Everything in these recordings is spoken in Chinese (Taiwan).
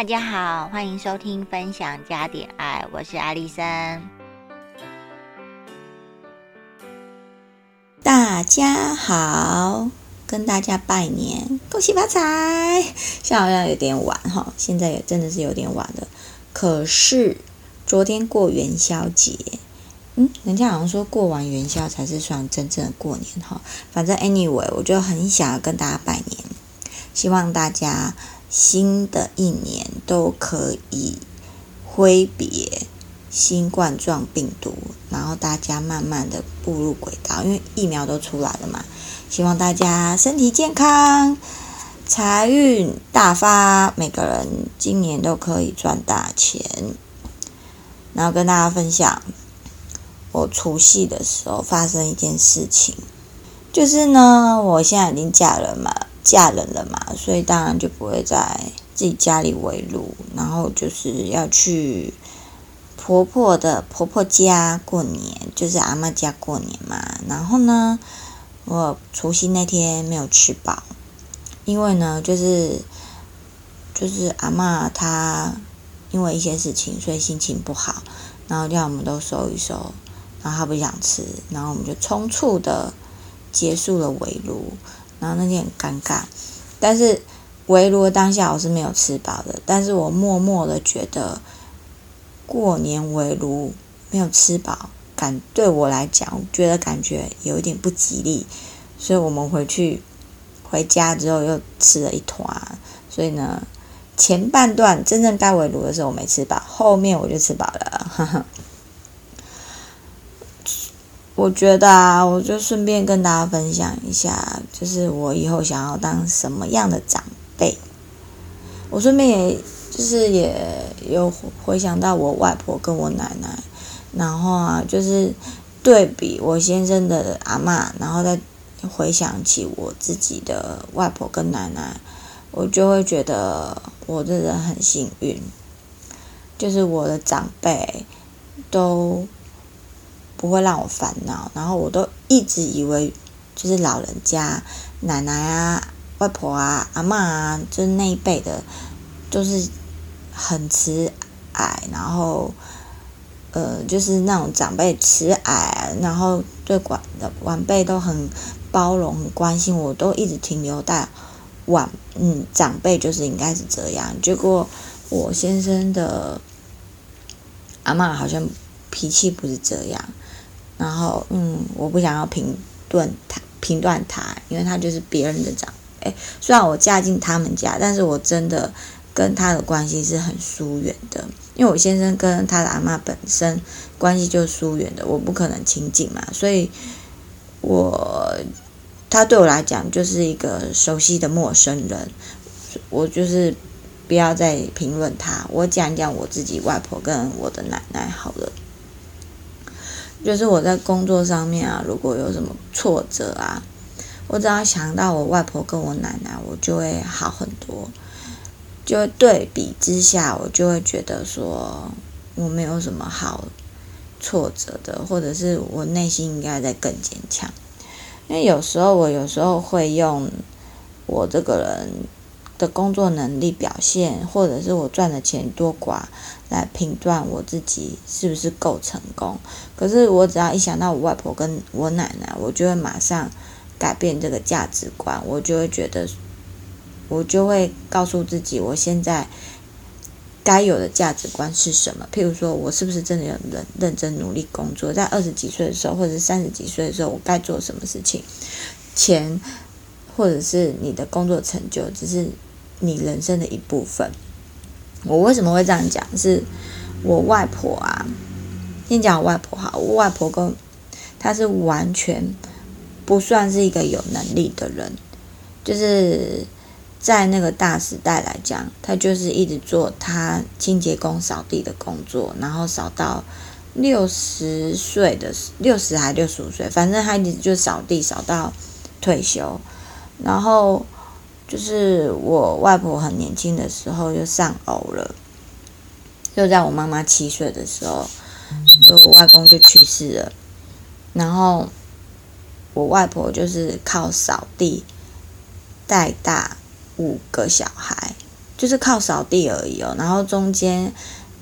大家好，歡迎收聽分享加點愛，我是艾麗森。大家好，跟大家拜年，恭喜發財！像好像有點晚哈，現在也真的是有點晚了。可是昨天過元宵節，嗯，人家好像說過完元宵才是算真正的過年哈。反正 anyway，我就很想要跟大家拜年，希望大家新的一年都可以揮別新冠狀病毒，然後大家慢慢的步入軌道，因為疫苗都出來了嘛。希望大家身體健康，財運大發，每個人今年都可以賺大錢。然後跟大家分享，我除夕的時候發生一件事情，就是呢，我現在已經嫁了嘛。嫁人了嘛，所以當然就不會在自己家裡圍爐，然後就是要去婆婆的婆婆家過年，就是阿嬤家過年嘛。然後呢，我除夕那天沒有吃飽，因為呢，就是就是阿嬤她因為一些事情，所以心情不好，然後叫我們都收一收，然後她不想吃，然後我們就匆促的結束了圍爐。然後那天很尷尬，但是圍爐的當下我是沒有吃飽的，但是我默默的覺得，過年圍爐沒有吃飽，感對我來講我覺得感覺有一點不吉利，所以我們回去回家之後又吃了一團，所以呢，前半段真正該圍爐的時候我沒吃飽，後面我就吃飽了，哈哈。我覺得啊，我就順便跟大家分享一下，就是我以後想要當什麼樣的長輩。我順便也就是也有回想到我外婆跟我奶奶，然後啊，就是對比我先生的阿嬤，然後再回想起我自己的外婆跟奶奶，我就會覺得我這人很幸運，就是我的長輩都。不會讓我煩惱，然後我都一直以為就是老人家奶奶啊、外婆啊、阿嬤啊，就是那一輩的，就是很慈愛，然後呃，就是那種長輩慈愛，然後對晚的晚輩都很包容、很關心。我都一直停留在晚嗯長輩，就是應該是這樣。結果我先生的阿嬤好像脾氣不是這樣。然後，嗯，我不想要評斷他，評斷他，因為他就是別人的長輩。雖然我嫁進他們家，但是我真的跟他的關係是很疏遠的，因為我先生跟他的阿嬤本身關係就疏遠的，我不可能親近嘛，所以，我，他對我來講就是一個熟悉的陌生人，我就是不要再評論他，我講一講我自己外婆跟我的奶奶好了。就是我在工作上面啊，如果有什麼挫折啊，我只要想到我外婆跟我奶奶，我就會好很多。就對比之下，我就會覺得說，我沒有什麼好挫折的，或者是我內心應該在更堅強。因為有時候我有時候會用我這個人。的工作能力表現，或者是我賺的錢多寡，來評斷我自己是不是夠成功。可是我只要一想到我外婆跟我奶奶，我就會馬上改變這個價值觀。我就會覺得，我就會告訴自己，我現在該有的價值觀是什麼。譬如說，我是不是真的有認認真努力工作？在二十幾歲的時候，或者是三十幾歲的時候，我該做什麼事情？錢，或者是你的工作成就，只是。你人生的一部分。我為什麼會這樣講？是我外婆啊。先講我外婆好，我外婆跟她是完全不算是一個有能力的人。就是在那個大時代來講，她就是一直做她清潔工掃地的工作，然後掃到六十歲的六十還六十五歲，反正她一直就掃地掃到退休，然後。就是我外婆很年輕的時候就喪偶了，就在我媽媽七歲的時候，就我外公就去世了，然後我外婆就是靠掃地帶大五個小孩，就是靠掃地而已哦。然後中間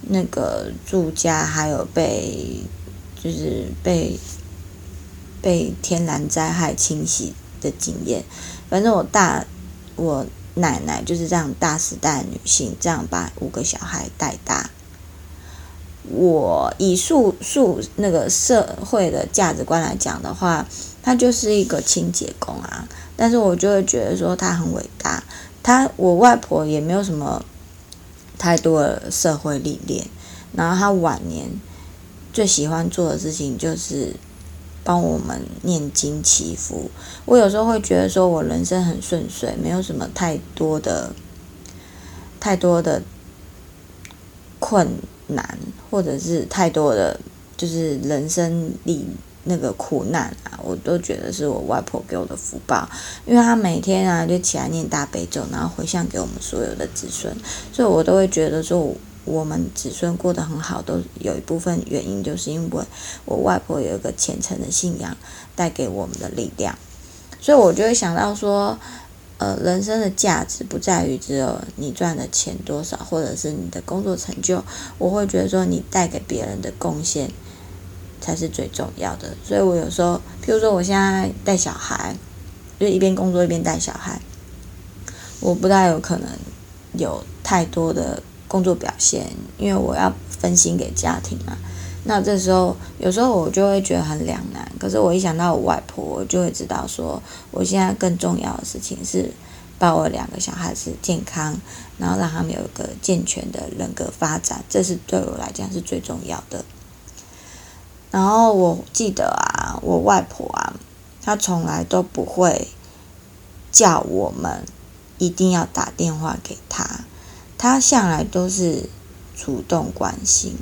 那個住家還有被，就是被被天然災害侵襲的經驗，反正我大。我奶奶就是這樣大時代的女性，這樣把五個小孩帶大。我以素素那個社會的價值觀來講的話，她就是一個清潔工啊。但是我就會覺得說她很偉大。她我外婆也沒有什麼太多的社會歷練，然後她晚年最喜歡做的事情就是幫我們念經祈福，我有時候會覺得說，我人生很順遂，沒有什麼太多的、太多的困難，或者是太多的就是人生裡那個苦難啊，我都覺得是我外婆給我的福報，因為她每天啊就起來念大悲咒，然後回向給我們所有的子孫，所以我都會覺得說我。我們子孫過得很好，都有一部分原因，就是因為我，我外婆有一個虔誠的信仰帶給我們的力量，所以我就會想到說，呃，人生的價值不在於只有你賺的錢多少，或者是你的工作成就，我會覺得說你帶給別人的貢獻才是最重要的。所以我有時候，譬如說我現在帶小孩，就一邊工作一邊帶小孩，我不大有可能有太多的。工作表現，因為我要分心給家庭嘛，那這時候有時候我就會覺得很兩難。可是我一想到我外婆，我就會知道說，我現在更重要的事情是，把我兩個小孩子健康，然後讓他們有一個健全的人格發展，這是對我來講是最重要的。然後我記得啊，我外婆啊，她從來都不會叫我們一定要打電話給她。他向來都是主動關心。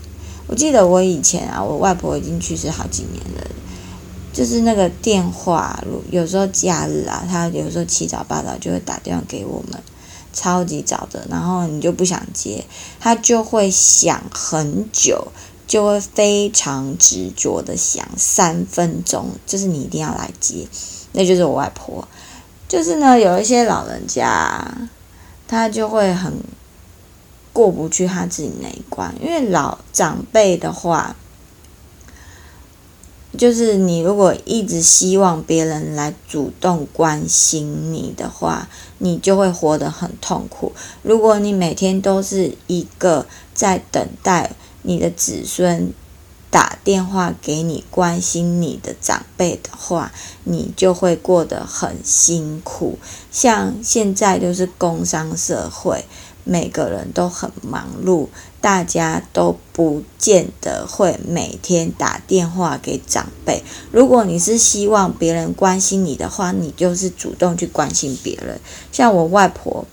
我記得我以前啊，我外婆已經去世好幾年了，就是那個電話，有時候假日啊，他有時候七早八早就會打電話給我們，超級早的，然後你就不想接，他就會響很久，就會非常執着的響三分鐘，就是你一定要來接，那就是我外婆。就是呢，有一些老人家，他就會很。過不去他自己那一關，因為老長輩的話，就是你如果一直希望別人來主動關心你的話，你就會活得很痛苦。如果你每天都是一個在等待你的子孫打電話給你關心你的長輩的話，你就會過得很辛苦。像現在就是工商社會。每個人都很忙碌，大家都不見得會每天打電話給長輩。如果你是希望別人關心你的話，你就是主動去關心別人。像我外婆，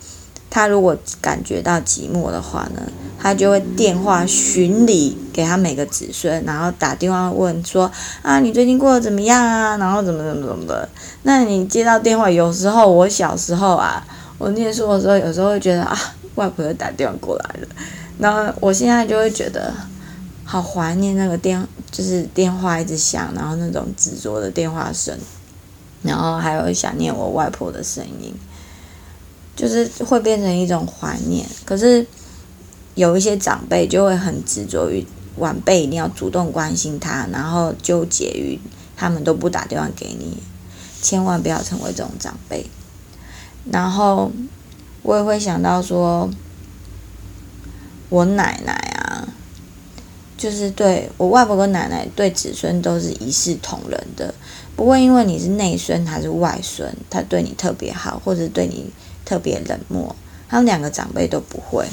她如果感覺到寂寞的話呢，她就會電話巡禮，給她每個子孫，然後打電話問說：“啊，你最近過得怎麼樣啊？”然後怎麼怎麼怎麼的。那你接到電話，有時候我小時候啊，我念書的時候，有時候會覺得啊。外婆就打電話過來了，然後我現在就會覺得好懷念那個電，就是電話一直響，然後那種執着的電話聲，然後還有想念我外婆的聲音，就是會變成一種懷念。可是有一些長輩就會很執着於晚輩一定要主動關心他，然後糾結於他們都不打電話給你，千萬不要成為這種長輩。然後。我也會想到說，我奶奶啊，就是對我外婆跟奶奶對子孫都是一視同仁的。不會因為你是內孫還是外孫，他對你特別好，或者對你特別冷漠，他們兩個長輩都不會。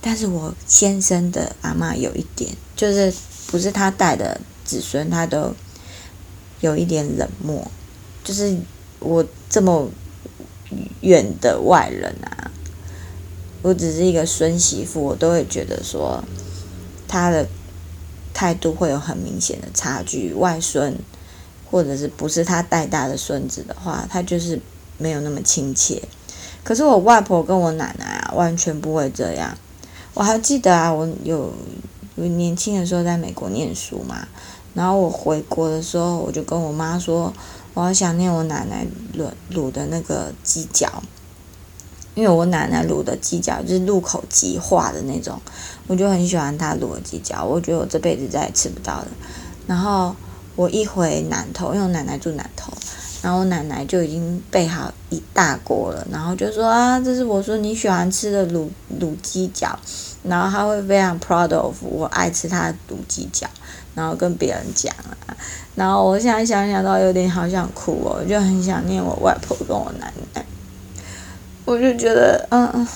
但是，我先生的阿嬤有一點，就是不是他帶的子孫，他都有一點冷漠。就是我這麼遠的外人啊。我只是一個孫媳婦，我都會覺得說，他的態度會有很明顯的差距。外孫或者是不是他帶大的孫子的話，他就是沒有那麼親切。可是我外婆跟我奶奶啊，完全不會這樣。我還記得啊，我有，有年輕的時候在美國念書嘛，然後我回國的時候，我就跟我媽說，我好想念我奶奶滷滷的那個雞腳。因為我奶奶滷的雞腳就是入口即化的那種，我就很喜歡她滷的雞腳，我覺得我這輩子再也吃不到了。然後我一回南投，因為我奶奶住南投，然後我奶奶就已經備好一大鍋了，然後就說啊，這是我說你喜歡吃的滷滷雞腳，然後她會非常 proud of 我愛吃她的滷雞腳，然後跟別人講啊，然後我現在想想都有點好想哭哦，我就很想念我外婆跟我奶奶。我就覺得，嗯，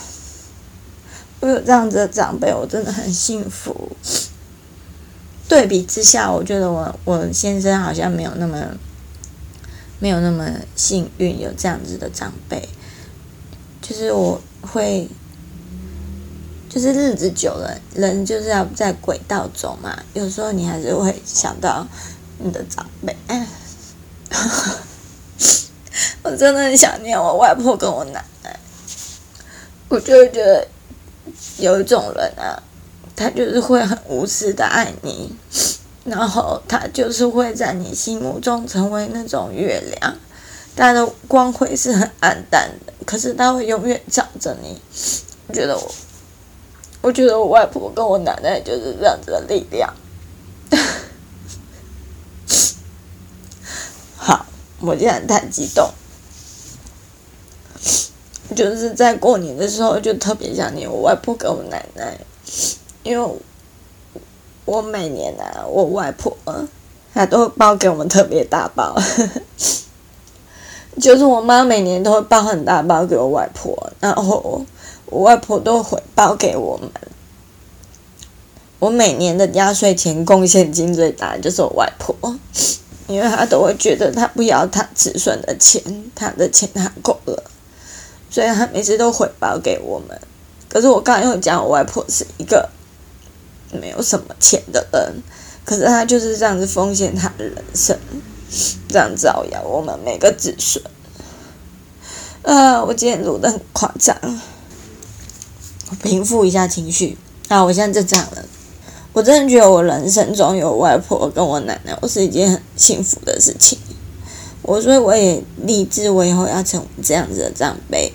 我有這樣子的長輩，我真的很幸福。對比之下，我覺得我我先生好像沒有那麼沒有那麼幸運有這樣子的長輩。就是我會，就是日子久了，人就是要在軌道走嘛。有時候你還是會想到你的長輩。 我真的很想念我，我外婆跟我奶奶。我就會覺得有一種人啊，他就是會很無私的愛你，然後他就是會在你心目中成為那種月亮，他的光輝是很暗淡的，可是他會永遠照着你。我覺得我，我覺得我外婆跟我奶奶就是這樣子的力量。 好，我現在太激動。就是在過年的時候，就特別想念我外婆跟我奶奶，因為，我每年啊，我外婆她都會包給我們特別大包， 就是我媽每年都會包很大包給我外婆，然後我外婆都會包給我們。我每年的壓歲錢貢獻金最大就是我外婆，因為她都會覺得她不要她子孫的錢，她的錢她夠了。所以他每次都回報給我們，可是我剛剛又講我外婆是一個沒有什麼錢的人，可是他就是這樣子奉獻他的人生，這樣照耀我們每個子孫。啊、呃，我今天錄得很誇張，我平復一下情緒。啊，我現在正常了。我真的覺得我人生中有外婆跟我奶奶，我是一件很幸福的事情。我所以我也立志，我以後要成為這樣子的長輩。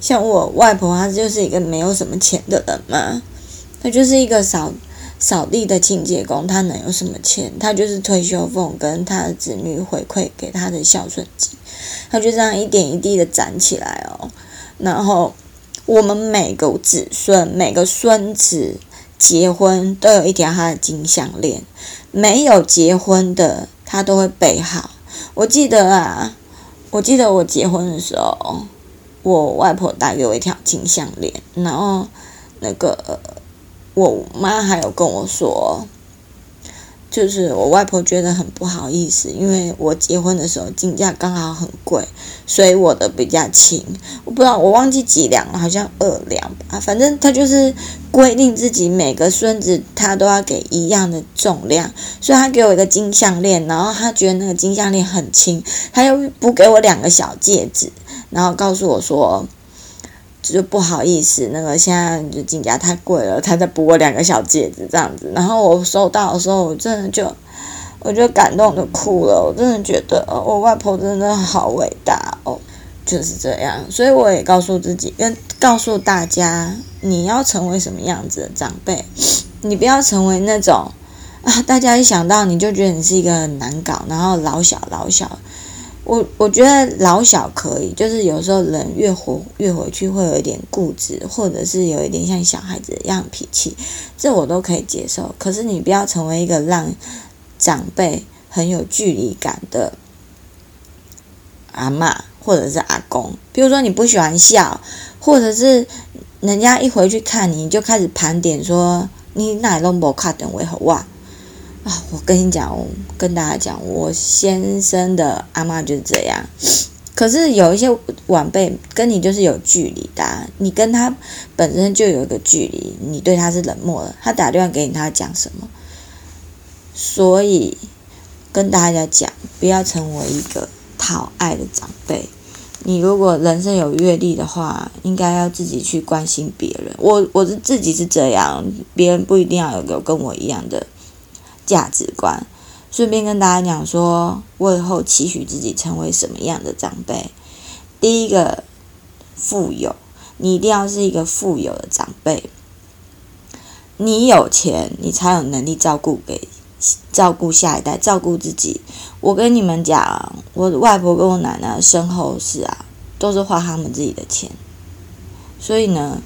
像我外婆，她就是一個沒有什麼錢的人嘛。她就是一個掃掃地的清潔工，她能有什麼錢？她就是退休俸，跟她的子女回饋給她的孝順金，她就這樣一點一滴的攢起來哦。然後我們每個子孫，每個孫子結婚都有一條她的金項鏈，沒有結婚的她都會備好。我記得啊，我記得我結婚的時候。我外婆帶給我一條金項鏈，然後，那個我媽還有跟我說。就是我外婆覺得很不好意思，因為我結婚的時候金價剛好很貴，所以我的比較輕。我不知道我忘記幾兩了，好像二兩吧。反正她就是規定自己每個孫子她都要給一樣的重量，所以她給我一個金項鏈，然後她覺得那個金項鏈很輕，她又補給我兩個小戒指，然後告訴我說。就不好意思，那個現在金價太貴了，他再補我兩個小戒指這樣子。然後我收到的時候，我真的就，我就感動的哭了。我真的覺得，哦，我外婆真的好偉大哦，就是這樣。所以我也告訴自己，跟告訴大家，你要成為什麼樣子的長輩，你不要成為那種啊，大家一想到你就覺得你是一個很難搞，然後老小老小。我我覺得老小可以，就是有時候人越活越回去會有一點固執，或者是有一點像小孩子一樣脾氣，這我都可以接受。可是你不要成為一個讓長輩很有距離感的阿嬤，或者是阿公。比如說你不喜歡笑，或者是人家一回去看你，你就開始盤點說你哪都無卡電話給我哇啊、哦，我跟你講哦，我跟大家講，我先生的阿嬤就是這樣。可是有一些晚輩跟你就是有距離的啊，你跟他本身就有一個距離，你對他是冷漠的。他打電話給你，他講什麼？所以跟大家講，不要成為一個討愛的長輩。你如果人生有閱歷的話，應該要自己去關心別人。我我是自己是這樣，別人不一定要有有跟我一樣的。價值觀，順便跟大家講說，我以後期許自己成為什麼樣的長輩？第一個，富有，你一定要是一個富有的長輩。你有錢，你才有能力照顧給照顧下一代，照顧自己。我跟你們講，我外婆跟我奶奶身後事啊，都是花他們自己的錢。所以呢，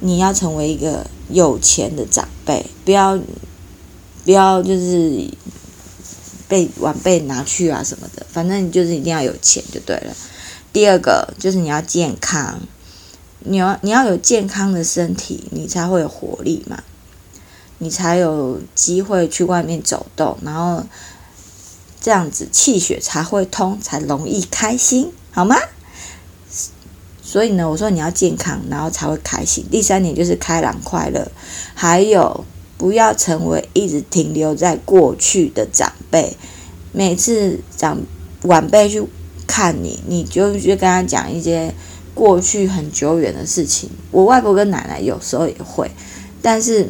你要成為一個有錢的長輩，不要。不要就是被晚輩拿去啊什麼的，反正就是一定要有錢就對了。第二個就是你要健康，你要你要有健康的身體，你才會有活力嘛，你才有機會去外面走動，然後這樣子氣血才會通，才容易開心，好嗎？所以呢，我說你要健康，然後才會開心。第三點就是開朗快樂，還有。不要成為一直停留在過去的長輩，每次長晚輩去看你，你就去跟他講一些過去很久遠的事情。我外婆跟奶奶有時候也會，但是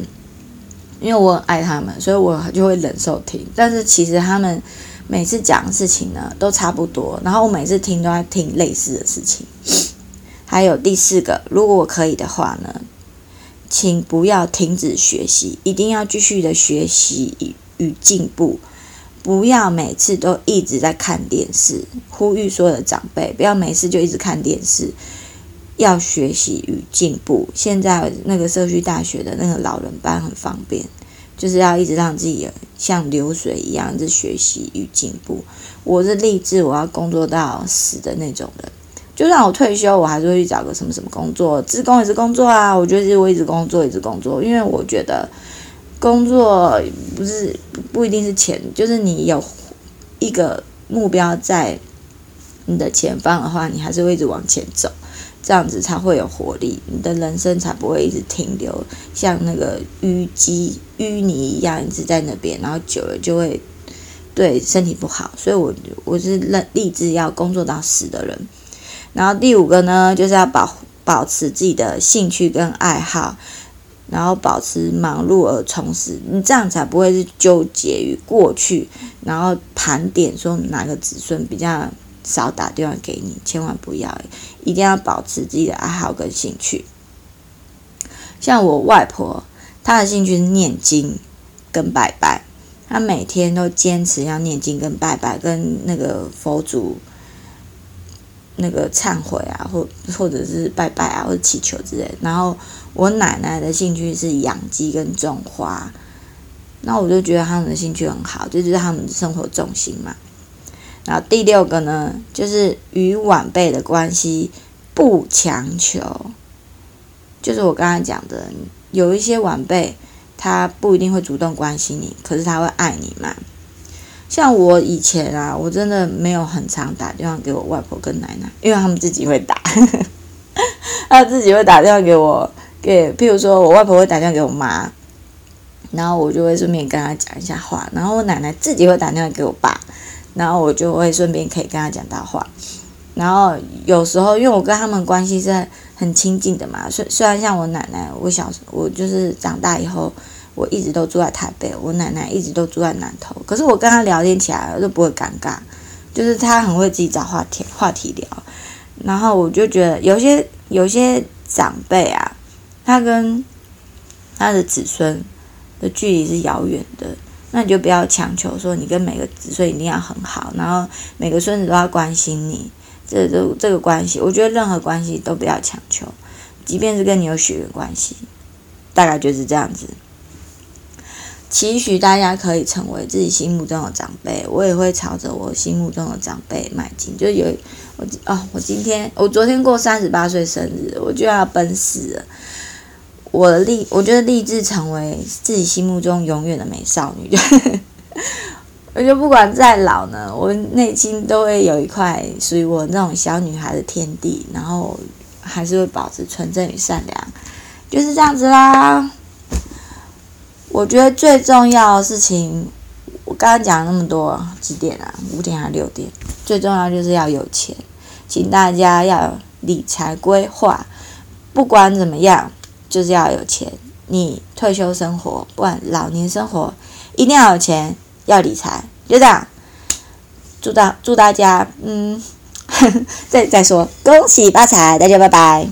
因為我很愛他們，所以我就會忍受聽。但是其實他們每次講的事情呢，都差不多，然後我每次聽都在聽類似的事情。還有第四個，如果我可以的話呢？請不要停止學習，一定要繼續的學習與與進步。不要每次都一直在看電視，呼籲所有的長輩不要每次就一直看電視，要學習與進步。現在那個社區大學的那個老人班很方便，就是要一直讓自己像流水一樣在學習與進步。我是立志我要工作到死的那種人。就算我退休，我還是會去找個什麼什麼工作，志工也是工作啊。我覺得是我一直工作，一直工作，因為我覺得工作不是，不一定是錢，就是你有一個目標在你的前方的話，你還是會一直往前走，這樣子才會有活力，你的人生才不會一直停留，像那個淤積淤泥一樣一直在那邊，然後久了就會對身體不好。所以我，我我是立志要工作到死的人。然後第五個呢，就是要保保持自己的興趣跟愛好，然後保持忙碌而充實，你這樣才不會是糾結於過去，然後盤點說哪個子孫比較少打電話給你，千萬不要，一定要保持自己的愛好跟興趣。像我外婆，她的興趣是念經跟拜拜，她每天都堅持要念經跟拜拜，跟那個佛祖。那個懺悔啊，或或者是拜拜啊，或者祈求之類。然後我奶奶的興趣是養雞跟種花，那我就覺得他們的興趣很好，這就，就是他們的生活重心嘛。然後第六個呢，就是與晚輩的關係不強求，就是我剛才講的，有一些晚輩他不一定會主動關心你，可是他會愛你嘛。像我以前啊，我真的沒有很常打電話給我外婆跟奶奶，因為他們自己會打，呵呵他自己會打電話給我，給譬如說我外婆會打電話給我媽，然後我就會順便跟她講一下話。然後我奶奶自己會打電話給我爸，然後我就會順便可以跟她講大話。然後有時候，因為我跟他們關係是很親近的嘛，雖雖然像我奶奶，我小時候我就是長大以後。我一直都住在台北，我奶奶一直都住在南投。可是我跟她聊天起來我都不會尷尬，就是她很會自己找話題話題聊。然後我就覺得有些有些長輩啊，他跟他的子孫的距離是遙遠的，那你就不要強求說你跟每個子孫一定要很好，然後每個孫子都要關心你。這都、個、這個關係，我覺得任何關係都不要強求，即便是跟你有血緣關係，大概就是這樣子。期許大家可以成為自己心目中的長輩，我也會朝着我心目中的長輩邁進。就有我哦，我今天我昨天過三十八歲生日，我就要奔四了。我立，我覺得立志成為自己心目中永遠的美少女。就是、 我就不管再老呢，我內心都會有一塊屬於我那種小女孩的天地，然後還是會保持純真與善良，就是這樣子啦。我覺得最重要的事情，我剛剛講了那麼多幾點啊？五點還是六點？最重要就是要有錢，請大家要有理財規劃。不管怎麼樣，就是要有錢。你退休生活，不管老年生活，一定要有錢，要理財，就這樣。祝大祝大家，嗯，再再說恭喜發財，大家拜拜。